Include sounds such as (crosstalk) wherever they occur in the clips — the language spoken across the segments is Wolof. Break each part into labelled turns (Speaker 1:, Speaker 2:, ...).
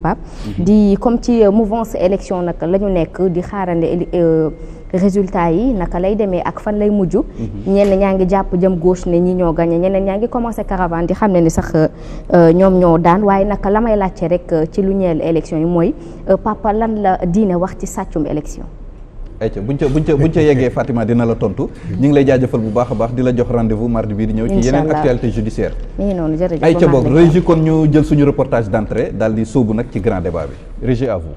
Speaker 1: Pape mhm. di comme ci euh, mouvance élection nag la ñu nekk di xaarande euh, résultat yi naka lay demee ak fan lay mujj mhm. ñenn ñaa ngi jàpp jëm gauche ne ñi ñoo gagné ñeneen ñaa ngi commencé caravane di xam ne ni sax euh, ñoom ñoo daan waaye naka la may laajte rek ci lu ñeel élection yi mooy Papa lan la diine wax ci sàccum élection
Speaker 2: ayca buñ ca buñ ca buñ ca yeggee Fatima dina la tontu ñu ngi lay jaajëfal bu baax a baax di la jox rendez-vous mardi bii di ñëw ci yeneen actualité judiciaire
Speaker 3: mi ngi noonu jërëjëf ayca
Speaker 2: kon ñu jël suñu reportage d'entrée daal di sóobu nag ci grand débat bi régie à vous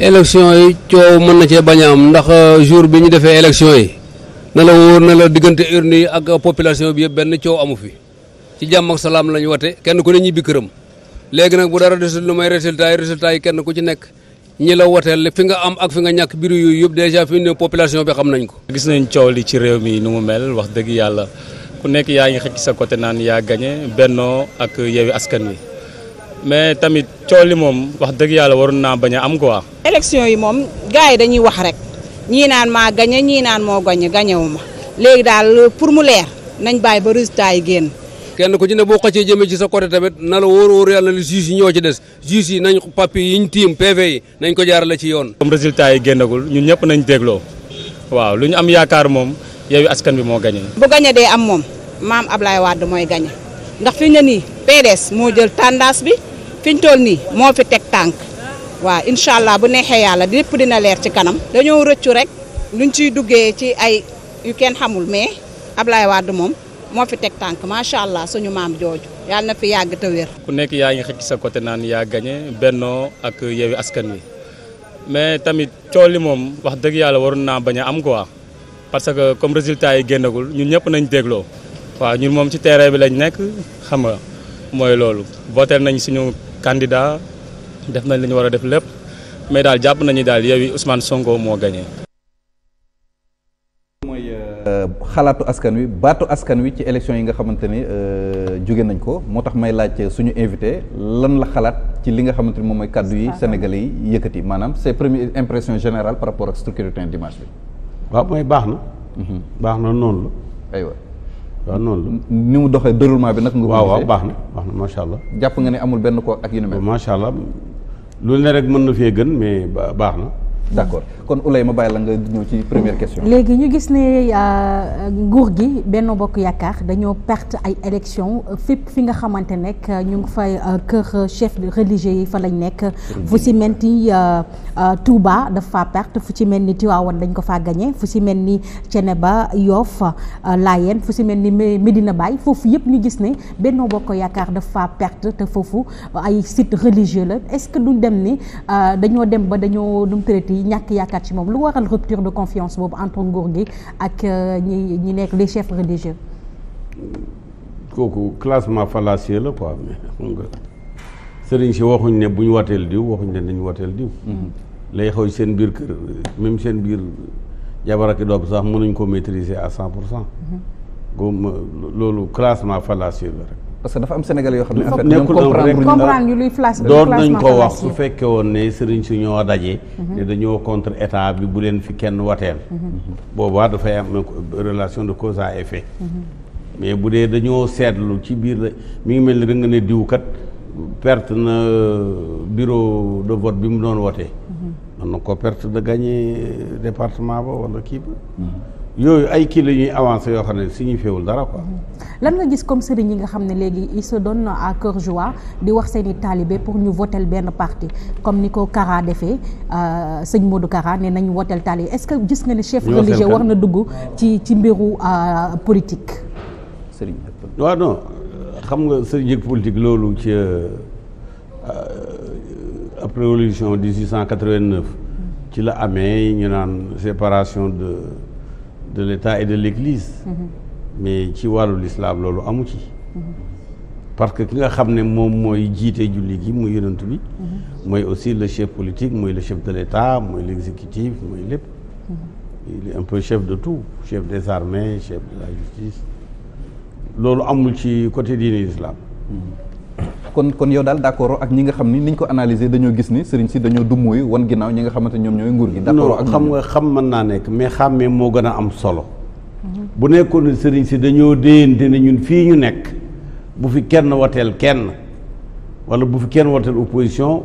Speaker 4: élection yi coow mën na cee bañ a am ndax euh, jour bi ñu defee élection yi na la wóor na la diggante urne yi ak population bi yëpp benn coow amu fi ci jàmm ak salaam lañu ñu wate kenn ku ne ñibbi këram léegi nag bu dara desul lu may résultat yi yi kenn ku ci nekk
Speaker 5: ñi la woteel fi nga am ak fi nga ñàkk biir yooyu yëpp dèjà fi ne population bi xam nañ ko. gis nañ coow li ci réew mi nu mu mel wax dëgg yàlla ku nekk yaa ngi xëcc sa côté naan yaa gañe bennoo ak yeewi askan wi. mais tamit coow li moom wax dëgg yàlla waroon naa bañ a am quoi.
Speaker 1: élection yi moom gars yi dañuy wax rek ñii naan maa gañe ñii naan moo gañe gañewu ma léegi daal pour mu leer nañ bàyyi ba résultat yi génn.
Speaker 5: kenn ku ci ne boo xëccee jëmee
Speaker 4: ci sa côté tamit na la wóor wóor yàlla li juge yi ñoo ci des juge yi nañ papier yi
Speaker 5: yoon. comme résultat yi génnagul ñun ñëpp nañ dégloo waaw lu ñu am yaakaar moom yow askan bi moo gañe.
Speaker 1: bu gañe dee am moom maam Ablaye Wade mooy gañe ndax fi ñu ne nii PDS moo jël tendance bi. fi ñu toll nii moo fi teg tànk waaw incha allah bu neexee yàlla lépp dina leer ci kanam. dañoo rëccu rek luñ ciy duggee ci ay yu kenn xamul mais Ablaye Wade moom moo fi teg tànk macha allah suñu maam jooju yàlla na fi yàgg te wér.
Speaker 5: ku nekk yaa ngi xëcc sa côté naan yaa gañe bennoo ak yewi askan wi mais tamit cool yi moom wax dëgg yàlla waroon naa bañ a am kowaa parce que comme résultat yi génnagul ñun ñëpp nañ dégloo. waaw ñun moom ci terrain bi lañ nekk xam nga mooy loolu voté nañ suñu. candidat def nañ li ñu war a def lépp mais daal jàpp nañu daal Yewwi Ousmane songo moo gagné.
Speaker 2: mooy euh, xalaatu askan wi baatu askan wi ci élection yi nga xamante ni euh, jóge nañ ko moo tax may laaj suñu invité lan la xalaat ci li nga xamante ni moom mooy kàddu yi sénégalais yi yëkkati maanaam c'est première impression général par rapport ak structure dimanche bi.
Speaker 4: waaw mooy baax na. Mhm. baax na noonu la aywa. waaw noonu la ni mu doxee déroulement bi nag. nga ko waaw waaw baax na baax na macha allah. jàpp nga ne amul benn ko ak yu ni mel. allah lu ne rek mën na fee gën
Speaker 2: mais baax na. d' kon Ouleye ma bàyyi la nga ñëw ci première question. léegi
Speaker 1: ñu gis ne euh, nguur gi Benno Bokk Yaakaar dañoo perte ay élections fépp fi nga xamante nekk ñu ngi fay euh, kër euh, chef religieux yi fa lañ nekk. fu si mel ni Touba dafa perte fu si mel ni Tivaouane dañ ko faa fu si mel ni Thiénaba Yoff Layène fu si mel ni Medina Baye foofu yëpp ñu gis ne Benno Bokk Yaakaar dafa perte te foofu ay site religieux la est ce que du dem ni dañoo dem ba dañoo nu yi yi ñàkk yaakaar ci moom lu waral rupture de confiance boobu entre nguur gi ak euh, ñi ñi nekk les chefs religieux.
Speaker 4: kooku classement fallacieux la quoi mais xam nga sëriñ si waxuñ ne bu ñu wateel diw waxuñ ne nañu wateel diw. Mhm. la xew seen biir kër même seen biir jabar ak doom sax mënuñ ko maîtriser à cent pour cent. Mhm. loolu classement fallacieux la rek.
Speaker 2: parce que dafa am Sénégal
Speaker 4: yoo xam ne en fait ñoom comprendre
Speaker 1: ñu door nañ ko wax su
Speaker 4: fekkee woon ne sëriñ si ñoo daje. Mhm. ne dañoo contre état bi bu leen fi kenn wateel. Mhm. boobaa dafay am relation de cause à effet. Mhm. mais bu dee dañoo seetlu ci biir la mi ngi mel ni da nga ne diw kat perte na euh, bureau de vote bi mu doon wote. mën na ko perte de gagner département ba wala kii ba. yooyu ay kii la ñuy avancé yoo xam ne signifiéwul dara ko
Speaker 1: lan nga gis comme sëriñ yi nga xam ne léegi ils se donnent à cœur joie di wax seeni i taalibe pour ñu votel benn parti comme ni ko Kara defee euh, sëñ Modou Kara ne nañu votel taalibe est-ce que gis nga ne chef religieux war na dugg ci ci mbiru euh, politique.
Speaker 4: sëriñ waaw non xam nga sëriñ ak politique loolu ci euh, après révolution 1889 ci la amee ñu naan séparation de. de l'État et de l'Église mhm. mais ci wàllu lislaam loolu amu ci mhm. parce que ki nga xam ne moom mooy jiite julli gi muy yonent bi mhm. mooy aussi le chef politique mooy le chef de l'État mooy l'exécutif mooy lépp un peu chef de tout chef des armées chef de la justice loolu amul ci côté diine l'islam
Speaker 2: kon kon yow daal d' accord ak ñi nga xam ni niñ ko analyser dañoo gis ni sëriñ si dañoo dummuyu wan
Speaker 4: ginnaaw ñi nga xamante ñoom ñooy nguur gi d' accord ak xam nga xam man naa nekk mais xàmmee moo gën a am solo mhm. bu nekkoon ne sëriñ si dañoo déyante ne ñun fii ñu nekk bu fi kenn wateel kenn wala bu fi kenn wateel opposition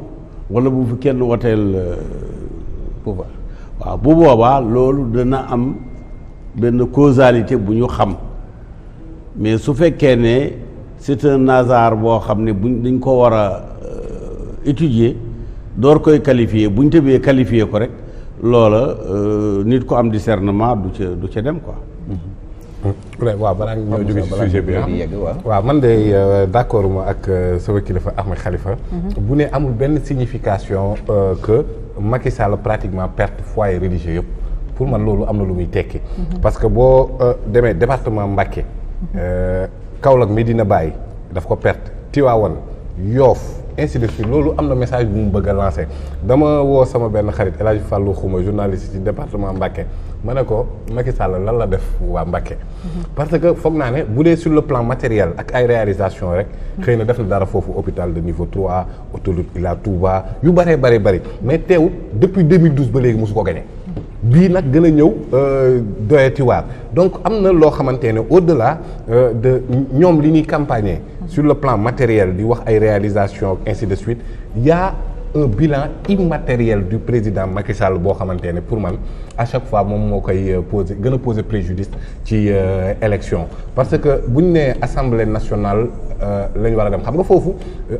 Speaker 4: wala bu kenn wateel euh, pouvoir waaw bu boobaa loolu dana am benn causalité bu ñu xam mais su fekkee ne c'est un hasard boo xam ne buñ dañ ko war a euh, étudier door koy qualifier buñ tëbee qualifier ko rek loola euh, nit ko am discernement du ca du ca dem quoi.
Speaker 6: Mm-hmm. waaw balaa ñoo jóge ci sujet bi ah. waaw man de euh, d'accord ma ak sama kilifa Ahmed Khalifa. Mm-hmm. bu ne amul benn signification que Macky pratiquement perte foyer religieux yëpp pour man loolu am na lu muy tekki. Mm-hmm. parce que boo demee département Mbacké. Kaolack dina bàyyi daf ko perte Tivaouane Yoff ainsi de loolu am na message bu mu bëgg a dama woo sama benn xarit El Hadj Fallou Xuma journaliste ci département Mbacké ma ne ko Macky Sall lan la def waa Mbacké parce que foog naa ne bu dee sur le plan matériel ak ay réalisation rek xëy na def na dara foofu hôpital de niveau 3 autoroute Ila Touba yu bëree bëri bari mais teewut depuis 2012 ba léegi mosu ko gañe bii nag gën a ñëw euh, doyatiwaat donc am na loo xamante ne de delà euh, de ñoom li ñuy campagner sur le plan matériel di wax ay réalisations ainsi de suite y a un bilan immatériel du président Macky Sall boo xamante ne pour man à chaque fois moom moo koy euh, poser gën a poser préjudice ci élection parce que bu ñu nee assemblée nationale la ñu war a dem xam nga foofu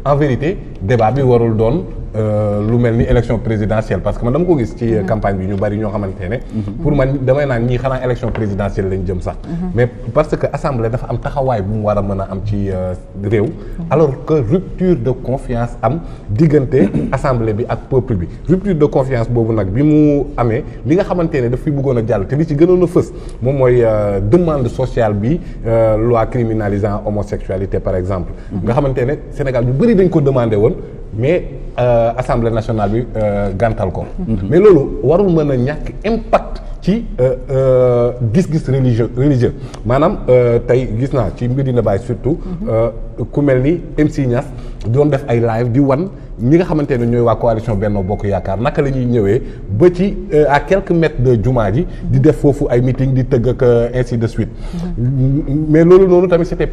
Speaker 6: en vérité débat bi warul doon. Euh, lu mel ni élection présidentielle parce que man dama ko gis ci mhm. campagne bi ñu bari ñoo xamante ne mhm. pour man damay naan ñii xanaa élection présidentielle lañ jëm sax mhm. mais parce que assemblée dafa am taxawaay bu mu war a mën a am ci euh, réew alors que rupture de confiance am diggante (coughs) assemblée bi ak peuple bi rupture de confiance boobu nag bi mu amee li nga xamante ne daf fi bëggoon a jàll te li ci gënoon a fës moom mooy euh, demande sociale bi loi criminalisant homosexualité par exemple nga xamante ne Sénégal ñu bëri dañ ko demandé woon Euh, assemblée nationale bi euh, gàntal ko. mais loolu warul mën a ñàkk impact ci euh, gis-gis religieux religieux maanaam tey gis naa ci Medina Baye surtout. Mhm. ku mel ni MC Niass doon def ay live di wan. ñi nga xamante ne ñooy waa coalition Benno Bokk Yaakaar naka la ñuy ñëwee ba ci euh, à quelques mètres de jumaa ji di def foofu ay meeting di tëgg ak euh, ainsi de suite mm-hmm. mais loolu noonu tamit c'était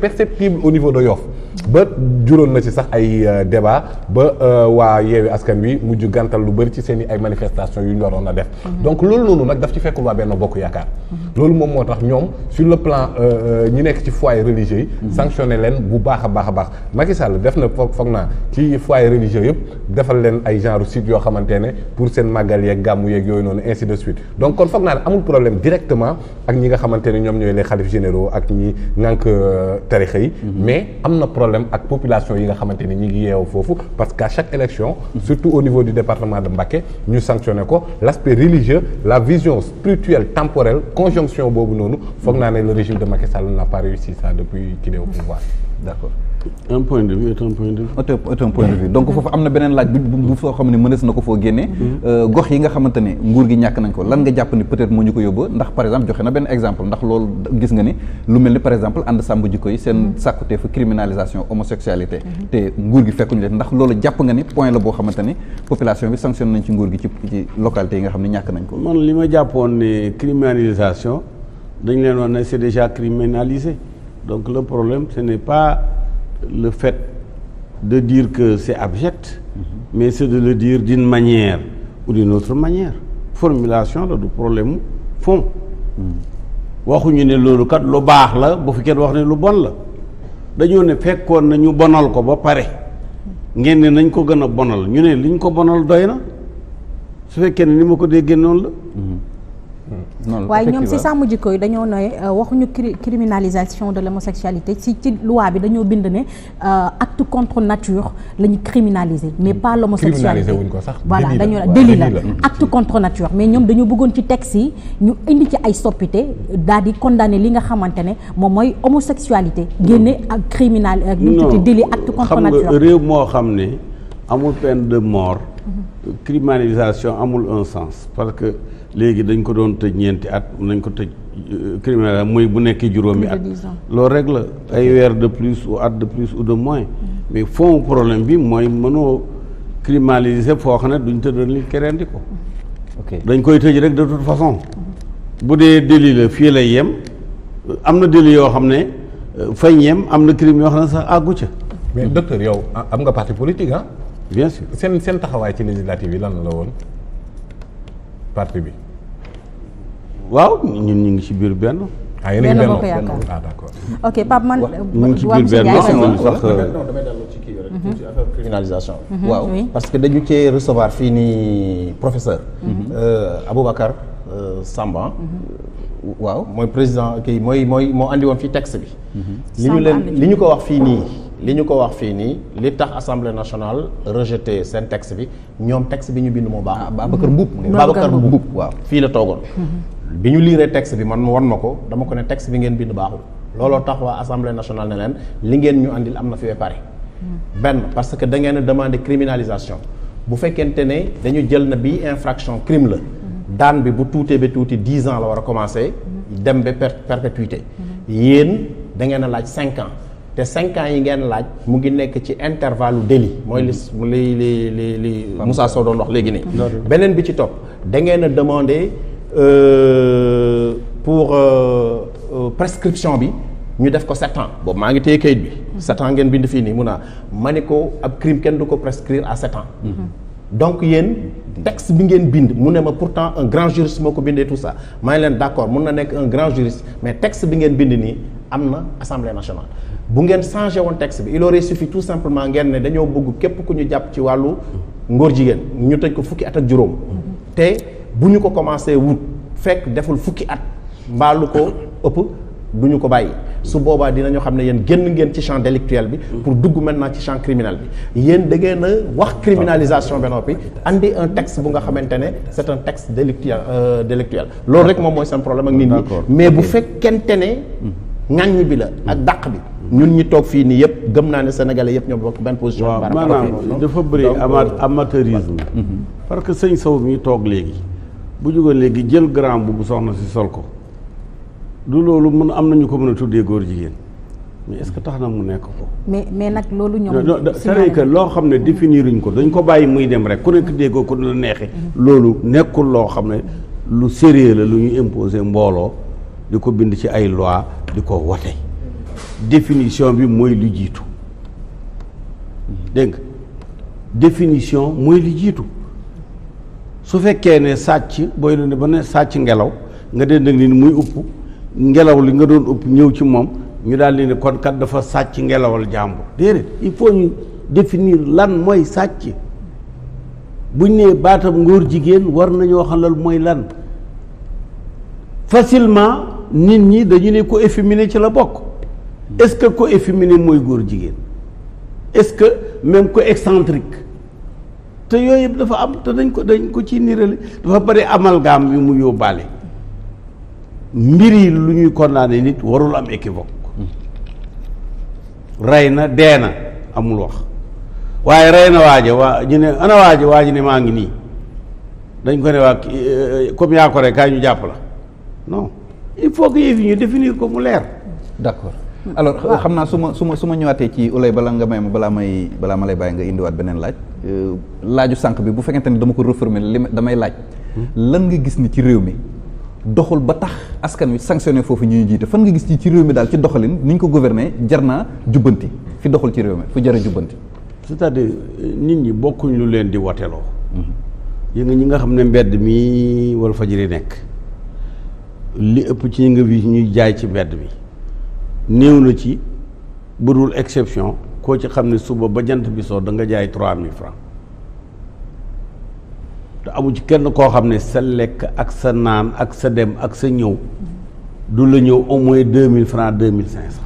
Speaker 6: au niveau de Yoff ba juróon ci sax ay euh, débat ba waa yeewi askan wi mujj gàntal lu bëri ci seen i ay manifestations yu ñu waroon a def mm-hmm. donc loolu noonu nag daf ci fekkul waa Benno Bokk Yaakaar mm-hmm. loolu moom moo tax ñoom sur le plan ñi nekk ci foyer religieux yi sanctionné leen bu baax a baax a baax Macky Sall def na foog naa ci foyer religieux defal leen ay genre site yoo xamante ne pour seen màggal yeeg gàmmu yeeg yooyu noonu ainsi de suite donc kon foog naa ne amul problème directement ak ñi nga xamante ne ñoom ñooy les xalif généraux ak ñi ngànk euh, tarixa yi mhm. mais am na problème ak population yi nga xamante ni ñi ngi yeewu foofu parce que chaque élection surtout au niveau du département de Mbacké ñu sanctionné ko l'aspect religieux la vision spirituelle temporelle conjonction boobu noonu foog naa ne le régime de Macky Sall n'a pas réussi
Speaker 4: un point
Speaker 2: donc foofu am na beneen laaj bu bu xam ne mënees na ko foo génnee. Mm-hmm. Euh, gox yi nga xamante nguur gi ñàkk nañ ko lan nga jàpp ni peut moo ñu ko yóbba ndax par exemple joxe na benn exemple ndax loolu gis nga ni lu mel ni par exemple ànd sàmm jikko yi seen mm-hmm. sàkkuteefu criminalisation homosexualité. Mm-hmm. te nguur gi fekkuñu leen ndax loolu jàpp nga ni point la boo xamante ne bi sanctionné nañ ci nguur gi ci localité yi nga xam ne ñàkk nañ ko.
Speaker 4: man le fait de diir que c'est abject mais c'est de le dire d'une manière ou d'une autre manière formulation la du problème fond waxuñu ne loolukat lu baax la bu fi kenn wax ne lu bon la dañoo ne fekkoon na ñu bonal ko ba pare ngeen ne nañ ko gën a bonal ñu ne liñ ko bonal doy na su fekkee ne ni ma ko déggee génnoon la waaye ñoom si sàmm
Speaker 1: jikko yi dañoo ne euh, waxuñu criminalisation de l'homosexualité si ci loi bi dañoo bind ne euh, acte contre nature la ñu criminaliser mais pas l'homosexualité voilà dañoo délit la acte contre nature mais ñoom dañoo bëggoon ci texte yi ñu indi ci ay soppite daal di condamner li nga xamante ne moom mooy homosexualité génne ak criminal ci délit acte contre nature réew
Speaker 4: moo xam ne amul peine de mort mhm. criminalisation amul un sens parce que léegi dañ ko doon tëj ñeenti at nañ ko tëj euh, criminel mooy bu nekkee juróomi at loolu rek la ay weer de plus ou at de plus ou de moins mais fond problème bi mooy mënoo criminaliser foo xam ne duñ tëddoon ni keneen di ko dañ koy tëj rek de toute façon bu dee délit fii lay yem euh, am na délit yoo xam ne euh, fañ yem am na crime yoo xam ne sax àggu ca mais
Speaker 6: docteur yow am nga parti politique ah bien sûr seen seen taxawaay ci législative yi lan la woon parti bi.
Speaker 4: waaw ñu ñu ngi ci biir benn. ah
Speaker 3: yéen ngi benn ah d'accord.
Speaker 1: ok Pape man. Euh, ñu ngi ci biir benn sax damay dellu ci
Speaker 3: kii rek.
Speaker 7: Mhm. Mhm, waaw parce que dañu cee recevoir fii nii professeur. Mhm. Euh, Aboubacar euh, Samba. waaw mooy président kii mooy mooy moo andi fi fii texte bi. li ñu leen li ñu ko wax fii nii. li ñu ko wax fii nii li tax assemblée nationale rejeté seen texte bi ñoom texte bi ñu bind moo baax. Ah, ba Mboup Babacar Mboup waaw fii la toogoon.
Speaker 3: Mhm.
Speaker 7: bi ñu liiree texte bi man wan ma ko dama ko ne texte bi ngeen bind baaxul. looloo tax waa assemblée nationale ne leen li ngeen ñu andil am na fi pare.
Speaker 3: Mhm.
Speaker 7: benn parce que dangeen ngeen a demandé criminalisation bu fekkente ne dañu jël na bi infraction crime la. Mhm. daan bi bu tuutee ba tuuti dix an la war a commencé. dem ba perpétuité. yéen da ngeen a laaj cinq ans. te cinq ans yi ngeen laaj mu ngi nekk ci intervalle lu délit mooy li li li li li Moussa Sow doon wax léegi nii. beneen bi ci topp da ngeen a demandé euh, pour euh, euh, prescription bi ñu def ko sept ans boobu maa ngi téye kayit bi. sept ans ngeen bind fii nii mun a ma ne ko ab crime kenn du ko prescrire à sept ans. Mm-hmm. donc yéen texte bi ngeen bind mu ne ma pourtant un grand juriste moo ko bindee tout ça maa ngi leen d'accord mun na nekk un grand juriste mais texte bi ngeen bind nii. am na assemblée nationale bu ngeen changé woon texte bi il aurait suffi tout simplement ngeen ne dañoo bëgg képp ku ñu jàpp ci wàllu ngóor jigéen ñu tëj ko fukki at ak juróom te bu ñu ko commencé wut fekk deful fukki at mbaalu ko ëpp du ñu ko bàyyi su boobaa dinañu xam ne yéen génn ngeen ci champ délictuel bi pour dugg maintenant ci champ criminel bi yéen da ngeen a wax criminalisation ba noppi andi un texte bu nga xamante ne c'est un texte délictuel euh, délictuel loolu rek moom mooy seen problème ak nit ñi mais bu fekkente ne ŋàññ bi la ak mm. dàq bi ñun ñi toog fii nii yëpp gëm naa ne sénégalais yëpp ñoo bokk benn position. par rapport maanaam dafa bëri euh,
Speaker 4: amateurisme. Mhm. parce que sëñ Sow mi toog léegi. bu jógoon léegi jël grand bu bu soxna si sol ko du loolu mun am nañu ko mën a tuddee góor jigéen mais est-ce que tax na mu nekk ko.
Speaker 1: mais nag loolu ñoom.
Speaker 4: c'est que loo xam ne di mm. définiruñ ko dañ ko bàyyi muy dem rek ku nekk déggoo ku la neexee. Mm-hmm. loolu nekkul loo xam ne lu sérieux la lu ñu imposer mbooloo di ko bind ci ay loi di ko wote définition bi mooy lu jiitu dégg nga définition mooy lu jiitu su fekkee ne sàcc booy la ne ba ne sàcc ngelaw nga dee nag muy upp ngelaw li nga doon upp ñëw ci moom ñu daal di ne kon kat dafa sàcc ngelawal jàmbur déedéet il faut ñu définir lan mooy sàcc buñ ne baatam ngóor jigéen war nañoo xam mooy lan facilement nit ñi dañu ne ko efféminé ci la bokk est-ce que ko efféminé mooy góor jigéen est-ce que même ko excentrique te yooyu yëpp dafa am te dañ ko dañ ko ci nirale dafa bari amalgame yu mu yóbbaale mbir yi lu ñuy condamné nit warul am équivoque rey na dee na amul wax waaye rey na waaja waa ñu ne ana waa ji ne maa ngi nii dañ ko ne waa euh, comme yaa ko rek kaay ñu jàpp la non il faut que yëf yi ñu définir ko mu leer. d'accord alors xam
Speaker 2: naa su ma su ma su ma ñëwaatee ci ulay bala nga may ma balaa may balaa ma lay bàyyi nga indiwaat beneen laaj. Euh, laaju sànq bi bu fekkente ni dama ko reformer li damay laaj. Hmm? lan nga gis ni ci réew mi doxul ba tax askan wi sanctionné foofu ñuy jiite fan nga gis ci ci réew mi daal ci doxalin ni ñu ko gouverner jar naa jubbanti fi doxul ci réew mi fu jar a jubbanti.
Speaker 4: cest à nit ñi bokkuñ lu leen di wateloo. Hmm. yéen ñi nga xam ne mbedd mi wala fajiri nekk. li ëpp ci nga bi ñuy jaay ci mbedd bi néew na ci dul exception koo ci xam ne suba ba jant bi soo da nga jaay trois mille francs te amu ci kenn koo xam ne sa lekk ak sa naan ak sa dem ak sa ñëw du la ñëw au moins deux mille francs deux mille cinq cent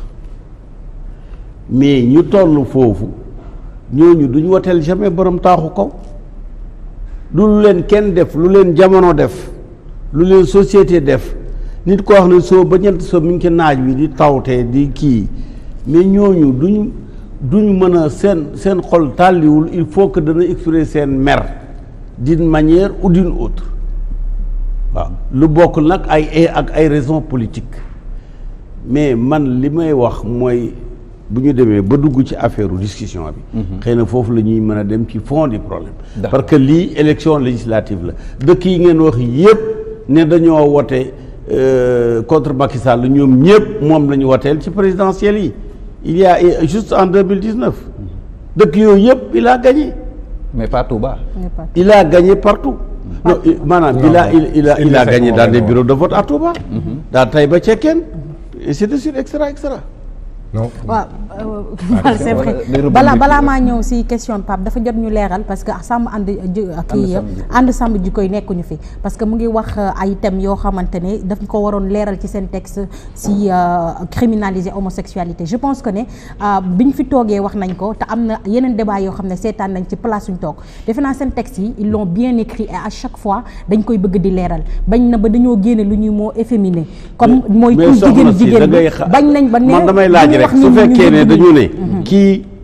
Speaker 4: mais ñu toll foofu ñooñu duñ woteel jamais borom taaxu kaw du lu leen kenn def lu leen jamono def lu leen société def nit ko wax ne soo ba ñeent soo mi ngi ci naaj wi di tawtee di kii mais ñooñu duñ duñ mën a seen seen xol tàlliwul il faut que dana exprimer seen mer d'une manière ou d'une waaw lu bokk nag ay ay ak ay raisons politiques mais man li may wax mooy bu ñu demee ba dugg ci affaire discussion bi. Mm-hmm. xëy na foofu la ñuy mën a dem ci fond du problème. parce que lii élection législative la dëkk yi ngeen wax yépp ne dañoo wote. Euh, contre Macky Sall ñoom ñëpp moom la ñu wateel ci présidentielles yi il y a euh, juste en deux dix-neuf dëkk yooyu yëpp il a gagné. mais pas Touba. il a gagné partout. non maanaam il a il a il a gagné dans des bureaux de vote à Touba. Mm-hmm. dans Taïba Cekkeen et c'est de suite et cetera
Speaker 3: non Euh, c'est vrai balaa balaa
Speaker 4: maa ñëw
Speaker 1: si question Pape dafa jot ñu leeral parce que sàmm and euh, kii ànd sàmm ji koy nekkuñu fi parce que mu ngi wax euh, ay thèmes yoo xamante ne daf ko waroon leeral ci seen texte si criminaliser homosexualité je pense que ne ñu fi toogee wax nañ ko te am na yeneen débat yoo xam ne seetaan nañ ci place suñ toog defe naa seen texte yi ils l'ont bien écrit et chaque fois dañ koy bëgg di leeral bañ na ba dañoo génne lu ñuy moo efféminé kon mooy jigéen jigéen bañ dañu ne mm-hmm. kii